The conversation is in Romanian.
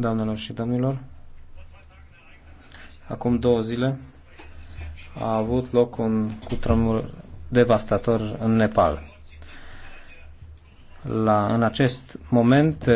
Doamnelor și domnilor, acum două zile a avut loc un cutremur devastator în Nepal. La, în acest moment